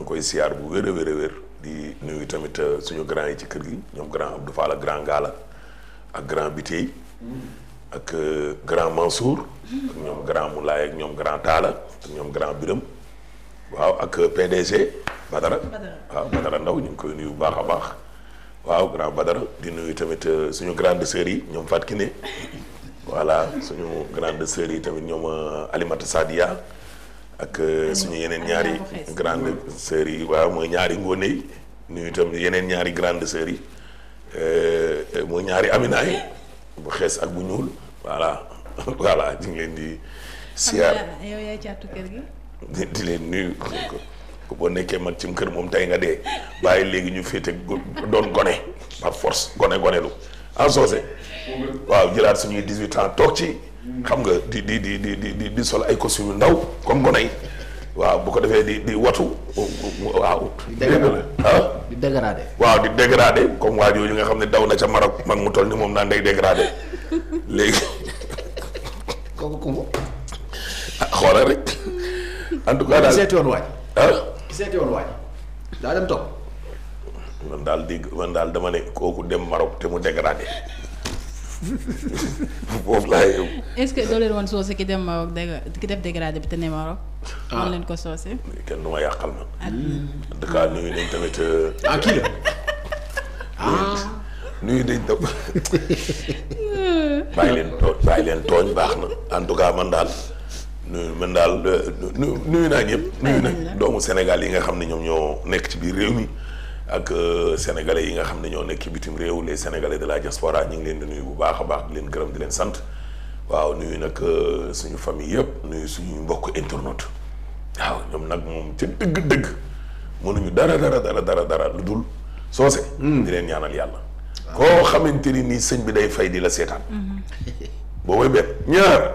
ngi koy siyaar bu wér a wér di nuyu tamit euh, suñu grand yi ci kër gi ñoom grand Abdou Fall ak grand Gala ak grand Bitey ak euh, grand Mansour ak ñoom grand Moulay ak ñoom grand Talla ak ñoom grand Biram waaw ak euh, PDG Badara waaw Badara Ndaw ñu ngi koy nuyu bu baax a baax waaw grand Badara di nuyu tamit suñu grande sœurs yi ñoom Fatou Kiné voilà suñu grande sœurs yi tamit ñoom Alimata Sadia ak euh, suñu yeneen ñaari grande sœurs yi waaw mooy ñaari ngóone yi nuyu itam yeneen ñaari grande sœurs yi euh, mooy ñaari amina bu xees ak bu ñuul voilà voilà ñu ngi leen di siyaar di leen nuyu boo nekkee mag cim kër moom tey nga dee bàyyi léegi ñu féete doon gone par force gone gonelu en ah, soose waaw jëlaat suñuy 18 ans toog ci xam nga di di di di di sol ay costume yu ndaw comme gone waaw bu ko defee di di watu waaw. di dégradé ah? di dégradé. waaw di dégradé comme waa jooju nga xam ne daw na ca Maroc man mu toll ni moom naan day dégradé léegi. kooku kumbo. ah xoolal rek en daal seeti ah? man daal dégg dama ne kooku dem Maroc te mu dégradé. foofu laa yëg. est-ce que doo leen woon soose ki dem Maroc dégg ki def dégradé bi te ne Maroc. ah leen ko soose. kenn du ma yàqal na. Ah. dëkk a nuyu nañ tamit. Euh, ah kii la. Ah. leen tooñ bàyyi leen tooñ baax na en tout cas man daal. mën daal euh, nuyu naa ñëpp. nuyu na doomu Sénégal yi nga xam ne ñoom ñoo nekk ci biir réew mi. ak euh, sénégalais yi nga xam ne ñoo nekk ci bitim réew les sénégalais de la diaspora ñu ngi leen di nuyu bu baax a baax di leen gërëm di leen sant waaw nuyu nag euh, suñu famille yëpp nuyu suñu mbokk internaute waaw ñoom nag moom ci dëgg-dëgg mënuñu dara dara dara dara dara lu dul soose. Hmm. di leen ñaanal yàlla. koo xamante ni nii sëñ bi day fay di la seetaan. Hmm. boobay benn ñaar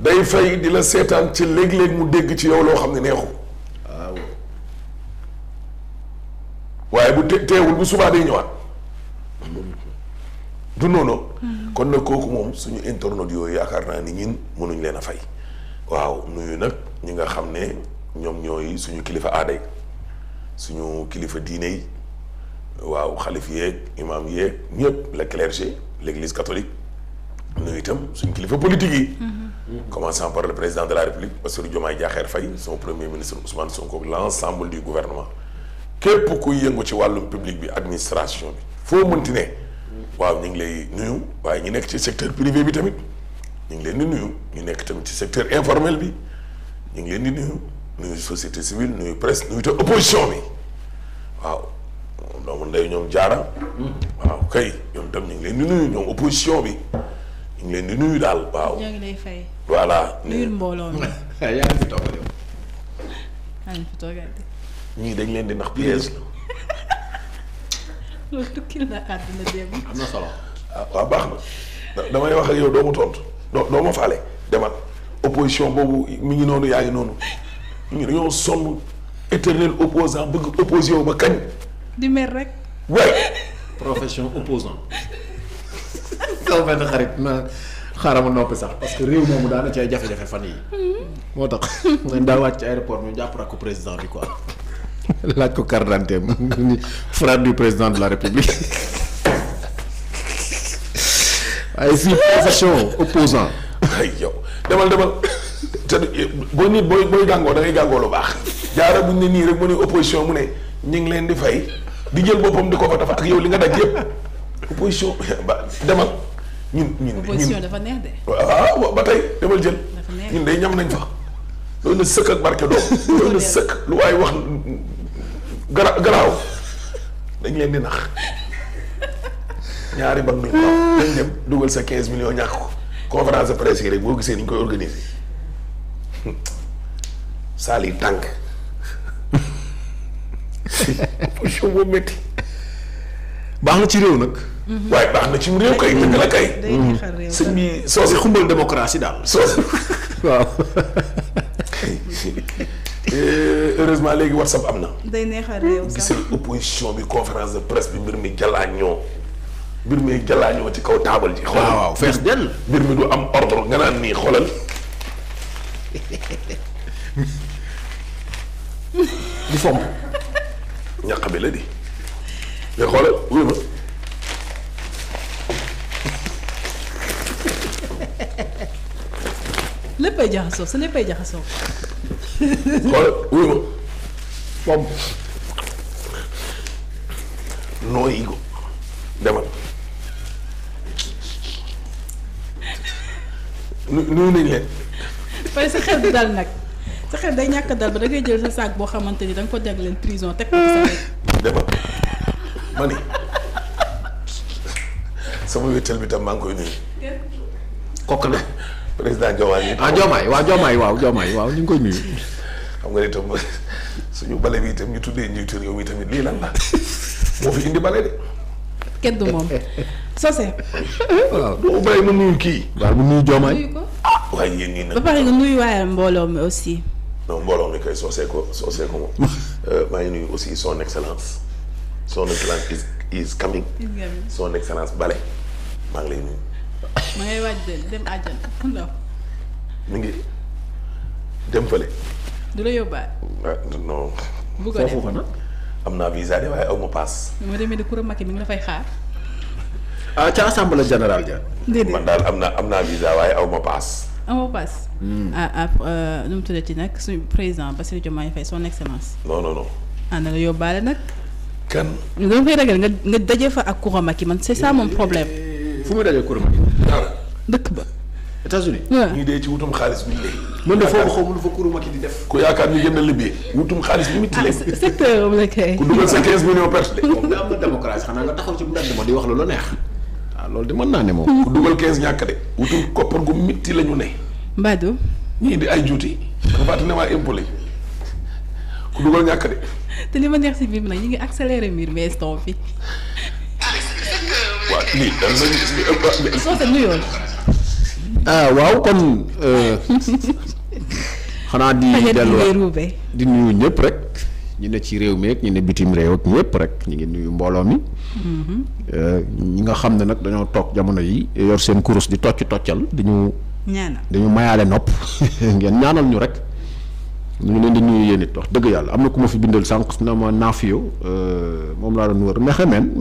day fay di la seetaan ci léeg-léeg mu dégg ci yow loo xam ne neexu. waaye bu te teewul bu subaa day ñëwaat du noonu. kon nag kooku moom suñu internautes yooyu yaakaar naa ni ñun mënuñ leen a fay waaw nuyu nag ñi nga xam ne ñoom ñooy suñu kilifa aaday suñu kilifa diine yi waaw xalif yeeg imam yeeg ñëpp le clergé l'église catholique nuyu itam suñu kilifa politique yi. Mm-hmm. commençant par le président de la république Bassirou Diomaye Diakhar Faye son premier ministre Ousmane Sonko l'ensemble du gouvernement. képp kuy yëngu ci wàllum public bi administration bi foo mënti ne waaw ñu ngi lay nuyu waaye ñu nekk ci secteur privé bi tamit ñu ngi leen di nuyu ñu nekk tamit ci secteur informel bi ñu ngi leen di nuyu nuyu société civile nuyu presse nuyu te opposition bi waaw doomu ndey ñoom jaara waaw kay ñoom tam ñu ngi leen di nuyu ñoom opposition bi ñu ngi leen di nuyu daal waaw. ñoo ngi lay fay. voilà nuyul ngi fi ñii dañ leen di ndax piège la. loolu tukkil solo. Ah, waaw baax na damay wax ak yow doo ma tontu doo doo ma faale demal opposition boobu mi ngi noonu yaa ngi noonu ñu dañoo sonn éternel opposant bëgg opposé wu ba kañ. di mer rek. way profession opposant sama benn xarit na xaaral ma noppi sax parce que réew moomu daana ci ay jafe-jafe fan yi mm-hmm. moo tax. dañ daa wàcc ci aéroport ñu jàpp rakku président bi quoi. laaj ko carte d'identité frère du président de la république waaye si profession opposant ay yow demal demal te boo nit booy booy gàngoo da gàngoo lu baax jaara buñ ne nii rek mu ne opposition mu ne ñu ngi leen di fay di jël boppam di ko fa dafa ak yow li nga daj yépp opposition ba demal ñun ñun de ah, waaw ba tey demal jël ñam nañ fa loolu na sëkk ak barke doom loolu na sëkk lu waaye wax gara garaaw dañ leen di nax ñaari banque lañ ko dañ dem dugal sa 15 millions ñàkk ko conférence yi rek boo gisee ni ñu koy organiser saal yi tànk position boobu métti. baax na ci réew nag. Mhm. waaye baax na ci réew kay dëgg la kay. sëñ bi soose xumbal démocratie daal soo waaw. Euh, heureusement léegi WhatsApp am na. day neexal bi sax gisal opposition bi conférence de presse bi mbir mi jalaañoo mbir mi jalaañoo ci kaw taabal ji. waaw waaw fees dell mi du am ordre nga naan nii xoolal. di fomp ñaq bi jaxasoo sa léppay jaxasoo. xool wuyu ma pomp nooyi ko leen fay sa xel du dal nag sa xel day ñàkk dal ba da ngay jël sa saak boo xamante ni da ko jag leen prison teg ko sa demal ma ni sama wéttal bi tam maa ngi kokk na président Diomaye. ah Diomaye waaw Diomaye waaw Diomaye waaw ñu ngi koy nuyu. xam nga itam suñu bale bi itam ñu tuddee njiitu yow mi tamit lii lan la moo fi indi bale de. kenn moom Socé. waaw doo bàyyi ma nuyu kii. waaw mu nuyu Diomaye. ah waaye yéen ñii ba pare nga nuyu waaye mbooloo aussi. non mbooloo mi koy Socé ko Socé ko moom. Euh, maa ngi nuyu aussi soon excellence. son excellence is is coming. son excellence bale maa ngi lay nuyu. ma ngay waaj de dem mu ngi dem fële. du la yóbbaale. ah non. bu ko defee foofu am naa visa de waaye aw ma paas. ma demee di kuréel Macky mi ngi la fay xaar. ah ca assemblée générale ja. déedéet man daal am naa am naa visa waaye aw ma paas. aw ma paas. Hmm. ah ah euh, nu mu nag suñu président Bassirou Diomaye Faye son excellence. non non non. Ah, na la yóbbaale nag. kan. nga fay ragal nga nga daje fa ak kuréel man c'est ça mon problème. Eh, fu muy dajee kurmani dëkk ba États-Unis ñuy dee ci wutum xaalis bi ñu de foofu xawma lu fa kurmaki di def ku yaakaar ñu gën a liggéey wutum xaalis bi mitti ah, lekk secteur am la kay ku dugal sa quinze millions de moom nga am na démocratie xanaa nga taxaw la neex waaw ah, loolu di mën ne moom ñu di ay juuti dafa fàttali ne waa impôt lañ ku dugal ñàkk de te li ma neex si biir nag ñu ngi accéléré mbir mais instant bi Ah, waaw kon euh, xanaa di. delluwaat di nuyu ñëpp rek. ñu ne ci réew mi ak ñu ne bitim réew ak ñëpp rek ñu ngi nuyu mbooloo mi. Mm-hmm. Euh, ñi nga xam ne nag dañoo toog jamono yi yor seen kurus di tocc toccal di ñu. ñaanal dañu mayaale nopp ngeen ñaanal ñu rek. ñu ngi leen di nuyu yéen it wax dëgg yàlla am na ku ma fi bindal sànq na ma naafiyo euh, moom laa doon wër mexe meen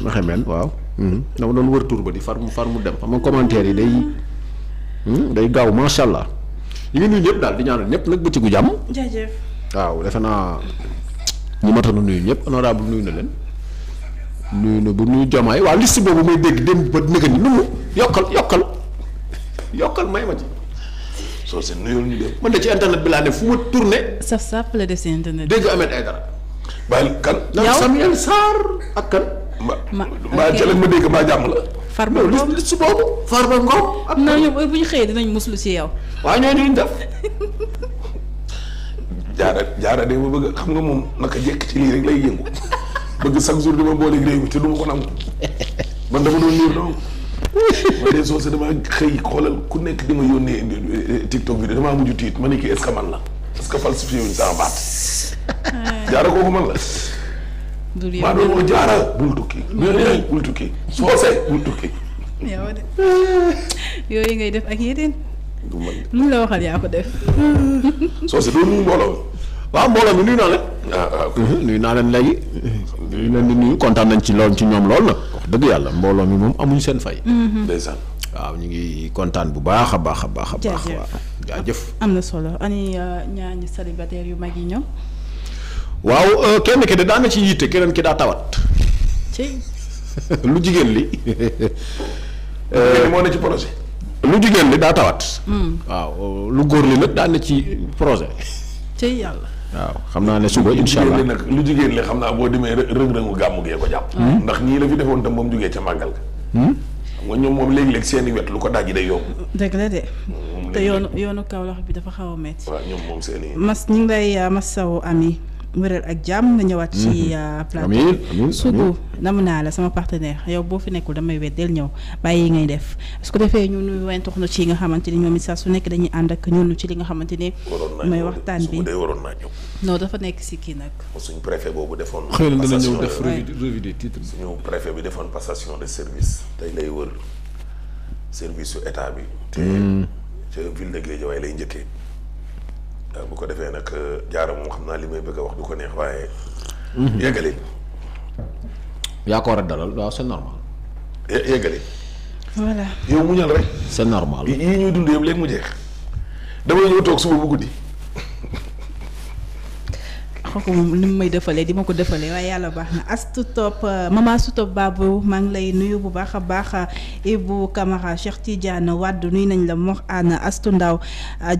Maxemen waaw. Hmm. dama doon wër tur ba di far mu far mu dem xam nga commentaire yi day. Hmm, day gaaw macha allah ñu ngi nuyu ñëpp daal di ñaanal ñëpp nag bëccëgu jàmm. jaajëf naa ñi ma na nuyu ñëpp honorable nuyu na leen. nuyu bu nuyu jomaay waaw liste boobu may dégg démb ba nëgë ni nu yokkal yokkal yokkal may ma ci. soo seen nuyul ñu dem. man de ci internet bi laa ne fu ma tourné. saf saf la def si internet bi. dégg Ahmed Aïdara. bàyyi kan. yow Samuel ak kan. ma mbaa ca ma dégg mbaa jàmm la. farba ngoom li si boobu farba ngoom. ak non bu ñu xëyee dinañ muslu si yow. waaw ñooñu ñu def jaara jaara de ma bëgg xam nga moom naka jekk ci lii rek lay yëngu bëgg chaque jour dama booleeg réew mi te du ma ko nangu man dama doon ñëw donc man de soo sa dama xëy xoolal ku nekk di ma yónnee eh, eh, TikTok bi damaa mujj tiit ma ne kii est-ce que man la est-ce que falsifié wuñ sama baat jaara kooku man la. maa doomoo jaara bul tukki bul tukki soose bul tukki yow de yooyu ngay def ak yeneen lu ñu la waxal yaa ko def soose doo nuyu mbooloo waaw mbooloo mi nuyu naa leen ah, ah, mhm, nuyu naa leen léegi nuyu leen di nuyu kontaan nañ ci lool ci ñoom lool nag wax dëgg yàlla mbooloo mi moom amuñ seen fay mhm. ndeysaan waaw ñu ngi kontaan bu baax a baax a baax a baax waaw jaajëf am na solo ani ah, ñaañu célibataire yu mag yi ñoom waaw euh, kenn ki de daan ci yitte keneen ki daa tawat. lu jigéen li. moo ne ci projet. lu jigéen li daa tawat. Hmm. waaw lu góor li nag daan ci projet. tey yàlla. waaw xam naa ne suba incha nag lu jigéen li xam naa boo demee rëng gàmmu gee ko jàpp. Hmm. ndax nii la fi defoon tam ba mu jugee ca màggal ga. Hmm? nga ñoom moom léeg-léeg seen i wet lu ko dajji day yomb. dëgg la de te yoonu yoonu Kaolack bi dafa xaw a métti. waaw ñoom mas ñu ngi lay euh, masawu am yi wëral ak jàmm nga ñëwaat ci mhm. euh, plateau Sougou nam naa la sama partenaire yow boo fi nekkul damay weddeel ñëw bàyyi ngay def su ko defee ñu nuyu wentox na ci nga xamante ni ñoom it saa su nekk dañuy ànd ak ñun ci li nga xamante ni mooy waxtaan bi waroon naa ñëw non dafa nekk si kii nag suñ préfet boobu defoon xëy na dana ñëw def revue des titres suñu préfet bi passation de service tey lay wër service su état bi te hmm. ca ville de Guédiawaye lay njëkkee Euh, bu ko defee nag jaara euh, moom xam naa li may bëgg a wax du ko neex waaye. Mhm. yeggali. yaa ko war a dalal waaw c'est normal. yeggali. voilà yow muñal rek. c'est normal yii ñuy dund yëpp léegi mu jeex. damay ñëw toog suba bu guddi. xaw ma ni mu may defalee di ma ko defalee waaye yàlla baax na astu topp euh, mama su topp baabu maa ngi lay nuyu bu baax a baax euh, Ibou Camara Cheikh Tidiane Wade nuyu nañ la Mor Anne astu ndaw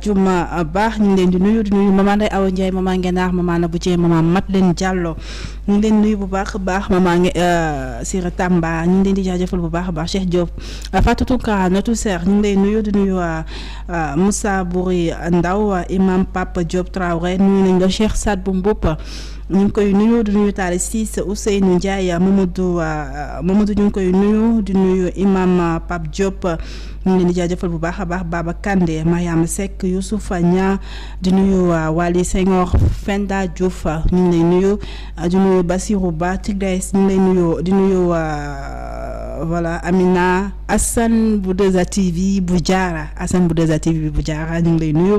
Juma baax ñu ngi leen di nuyu di nuyu mama Ndeye Awa Ndiaye mama Ngenaar mama Nabou Dieng mama Madeleine Diallo ñu ngi leen nuyu bu baax a baax mama nge euh, Sira Tamba ñu ngi leen di jaajëfal bu baax a baax Cheikh Diop Fatou Tounkara Notou Serre ñu ngi lay nuyu di nuyu Moussa Bouri Ndaw imam Papa Diop Traoré nuyu nañ la Cheikh Sadbou Mboup Diop ñu ngi koy nuyu di nuyu Talla Cissé Ousseynou Ndiaye Mamadou euh, euh, Mamadou ñu ngi koy nuyu di nuyu imam euh, Pape Diop ñu ngi leen di bu baax a baax Baba Kandé Mariama Seck Youssouf Nia di nuyu Waly Senghor Fenda Diouf ñu ngi lay nuyu di nuyu Bassirou Ba Tigres ñu lay nuyu di nuyu voilà Amina bu 2 Assane bu 2A bu jaara ñu ngi lay nuyu